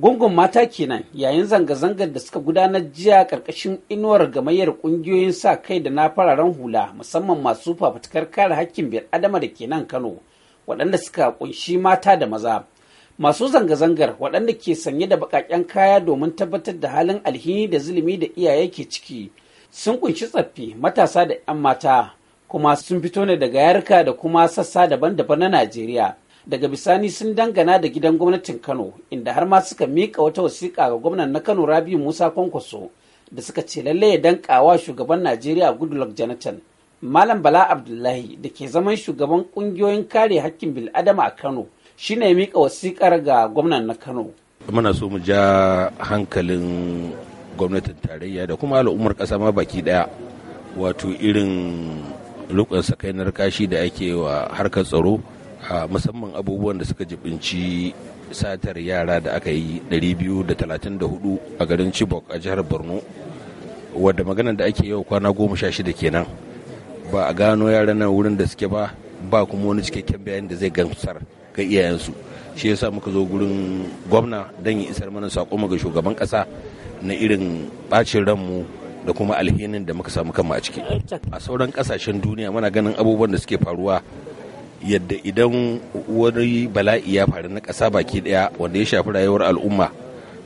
Gungun mata kenan yayin zanga-zangar da suka gudanar jiya ƙarƙashin inuwar gamayyar ƙungiyoyin sa kai da na fararen hula musamman masu fafutukar kare hakkin biyar adama da ke nan Kano waɗanda suka ƙunshi mata da maza. Masu zanga-zangar waɗanda ke sanye da baƙaƙen kaya domin tabbatar da halin alhini da zulumi da iyaye ke ciki sun ƙunshi tsaffi matasa da 'yan mata kuma sun fito ne daga yarka da kuma sassa daban-daban na Najeriya. daga bisani sun dangana da gidan gwamnatin kano inda har ma suka mika wata wasiƙa ga gwamnan na kano rabi musa kwankwaso da suka ce lalle ya dankawa shugaban najeriya goodluck jonathan malam bala abdullahi da ke zaman shugaban kungiyoyin kare hakkin bil'adama a kano shine ya mika wasiƙar ga gwamnan na kano muna so mu ja hankalin gwamnatin tarayya da kuma al'ummar ƙasa ma baki ɗaya wato irin rukun sakainar kashi da ake wa harkar tsaro A musamman abubuwan da suka jibinci satar yara da aka yi 234 a garin chibok a jihar borno wadda maganar da ake yau kwana goma sha shida kenan ba a gano yaran nan wurin da suke ba ba kuma wani cikakken bayan da zai gamsar ga iyayensu shi yasa muka zo gurin gwamna don yi isar mana saƙo ga shugaban ƙasa na irin ɓacin ranmu da kuma alhinin da muka samu kanmu a ciki a sauran ƙasashen duniya muna ganin abubuwan da suke faruwa yadda idan wani bala'i ya faru na ƙasa baki ɗaya wanda ya shafi rayuwar al'umma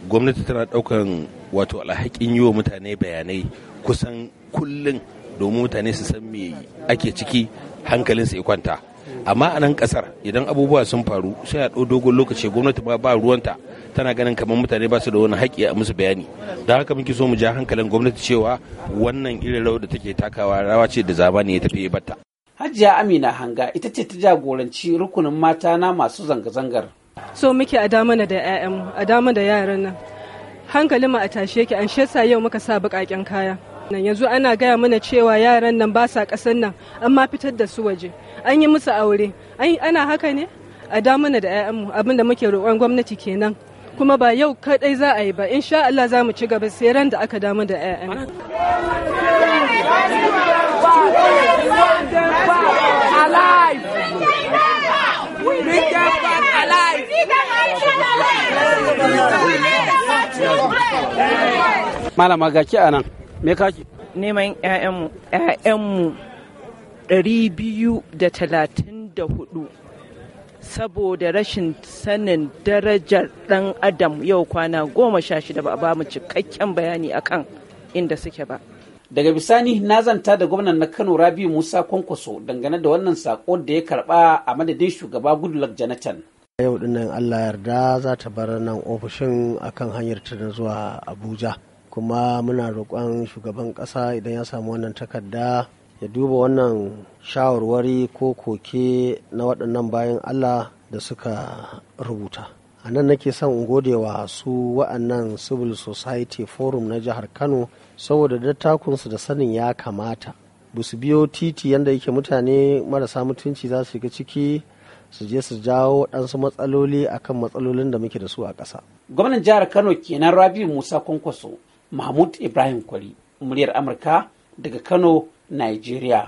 gwamnati tana ɗaukan wato alhakin yi wa mutane bayanai kusan kullum domin mutane su san me ake ciki hankalinsu ya kwanta amma a nan ƙasar idan abubuwa sun faru sai a dogon lokaci gwamnati ba ba ruwanta tana ganin kamar mutane ba su da wani haƙƙi a musu bayani don haka muke so mu ja hankalin gwamnati cewa wannan irin rawar da take takawa rawa ce da zamani ya tafi ya bata. Hajiya Amina Hanga ita ce ta jagoranci rukunin mata na masu zanga-zangar. So muke a damana da 'ya'yanmu, a dama da yaran nan. Hankali mu a tashe yake an shesa yau muka sa baƙaƙen kaya. Nan yanzu ana gaya mana cewa yaran nan ba sa ƙasan nan, an ma fitar da su waje. An yi musu aure, ana haka ne? A damana da 'ya'yanmu abin da muke roƙon gwamnati kenan. kuma ba yau kaɗai za a yi ba insha Allah za mu ci gaba sai ran da aka damu da 'ya'yan. alive. Malama ga ki anan. Me kaki? Neman 'ya'yanmu 'ya'yanmu ɗari biyu da talatin da hudu. saboda rashin sanin darajar ɗan adam yau kwana goma sha shida ba a ba mu cikakken bayani akan inda suke ba. daga bisani na zanta da gwamnan na kano rabi musa kwankwaso dangane da wannan sako da ya karba a madadin shugaba goodluck jonathan yau dinnan allah yarda za ta bar nan ofishin akan hanyar ta zuwa abuja kuma muna roƙon shugaban ƙasa idan ya samu wannan takarda ya duba wannan shawarwari ko koke na waɗannan bayan allah da suka rubuta a nan nake son in gode wa su wa'annan civil society forum na jihar kano saboda dattakunsu da sanin ya kamata ba su biyo titi yadda yake mutane marasa mutunci za su shiga ciki su je su jawo ɗansu matsaloli akan matsalolin da muke da su a ƙasa. gwamnan jihar kano kenan rabi musa kwankwaso mahmud ibrahim kwari muryar amurka daga kano nigeria